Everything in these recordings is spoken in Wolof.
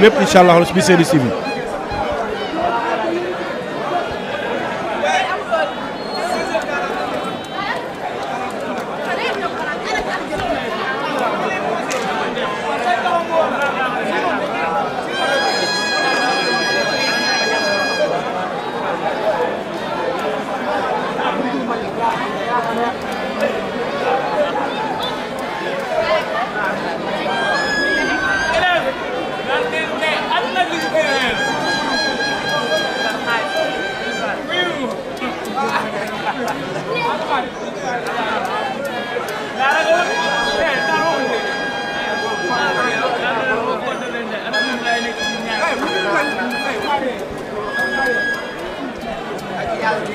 lépp incha allah bi Seny TV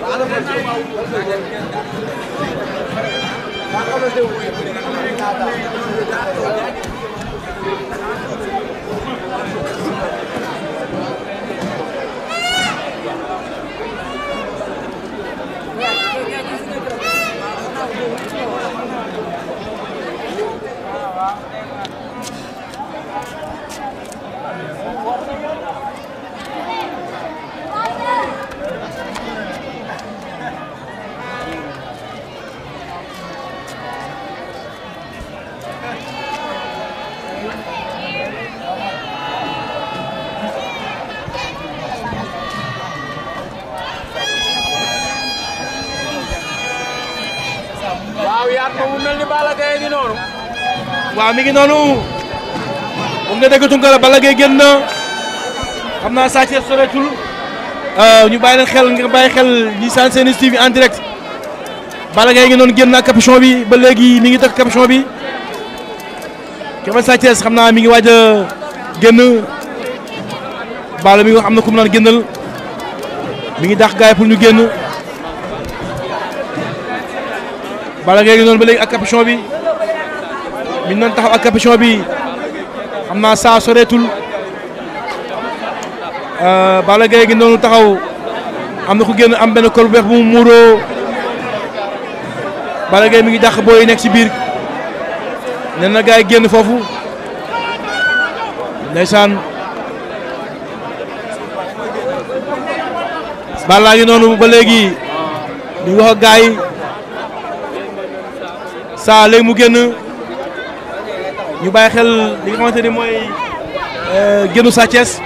Nada xalaat ko mi ngi noonu. moom nga dégg Tunkara Balla Gaye génn na xam naa saa cee soreetul euh, ñu bàyyi leen xel nga bàyyi xel ñi saan seen TV en direct. Balla ngi noonu génn na capuchon bi ba léegi mi ngi takk capuchon bi. Kébé Sa Thiès xam naa mi ngi waaj génn Balla mi ngi wax am na ku mu génnal mi ngi dàq gaay pour ñu génn. Balla Gaye ngi noonu ba léegi ak capuchon bi mi ngi taxaw ak capuchon bi xam naa saa soreetul euh, bala Gaye ngi noonu taxaw am na ku génn am benn col bu weex bu mu muuroo Balla Gaye mi ngi dàq booy nekk ci biir nee na gars génn foofu ndeysaan Balla ngi noonu ba léegi wax ak saa léegi mu génn ñu bàyyi xel li nga xamante mooy euh, génnu Sa Thiès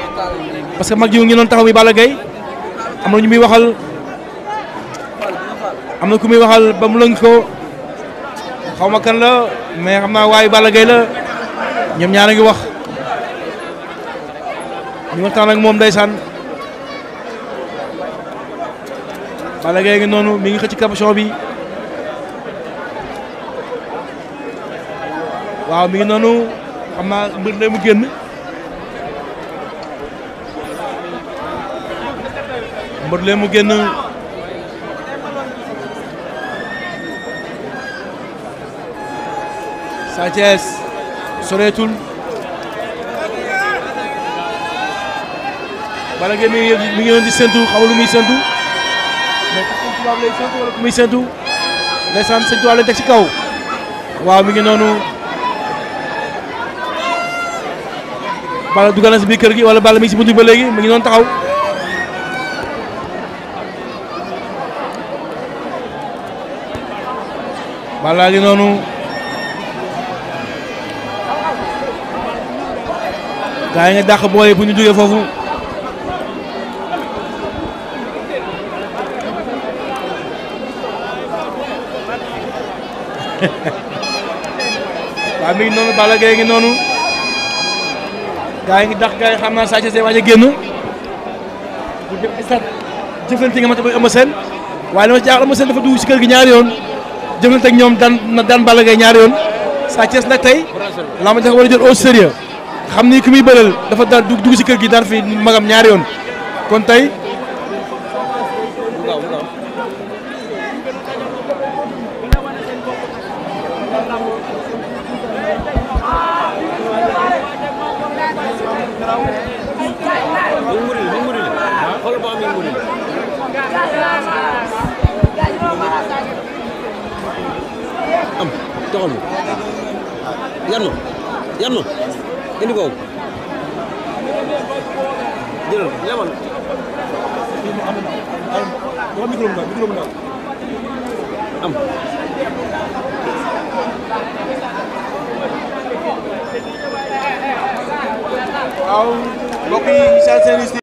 parce que mag ji ngi doon taxaw mi Balla Gaye am na ñu muy waxal am na ku muy waxal ba mu lëng ko xaw ma kan la mais xam naa waayu Balla Gaye la ñoom ñaar ngi wax ñu waxtaan ak moom ndeysaan Balla Gaye ngi noonu mi ngi xëcc capuchon bi. waaw mi ngi noonu xam naa mbir la mu génn mbir la mu génn Sa Thiès soreetul Balla Gaye mi ci kaw waaw mi noonu Balla dugal na si kër gi wala Balla mi ngi si buntu ba léegi mu ngi taxaw. Balla gi noonu. gaa yi nga dàq booy bu ñu jógee foofu. waaw mi ngi noonu Balla noonu. gaa yi ngi dax gaa yi xam naa Sa Thiès waaj a génn bu jëm stade jëflante nga ma ta bay Eumeu Sène waaye li ma si jaaxal Eumeu dafa dugg ci kër gi ñaari yoon jëflante ak ñoom daan na daan Balla Gaye ñaari yoon Sa Thiès nag tey laa ma dafa war a jël au xam ni ki muy bëral dafa daan dugg si kër gi daan fi magam ñaari yoon kon tey am taxaw mu yan ma yan ma indi ko jëlal lemal am am waaw mbokk yi seen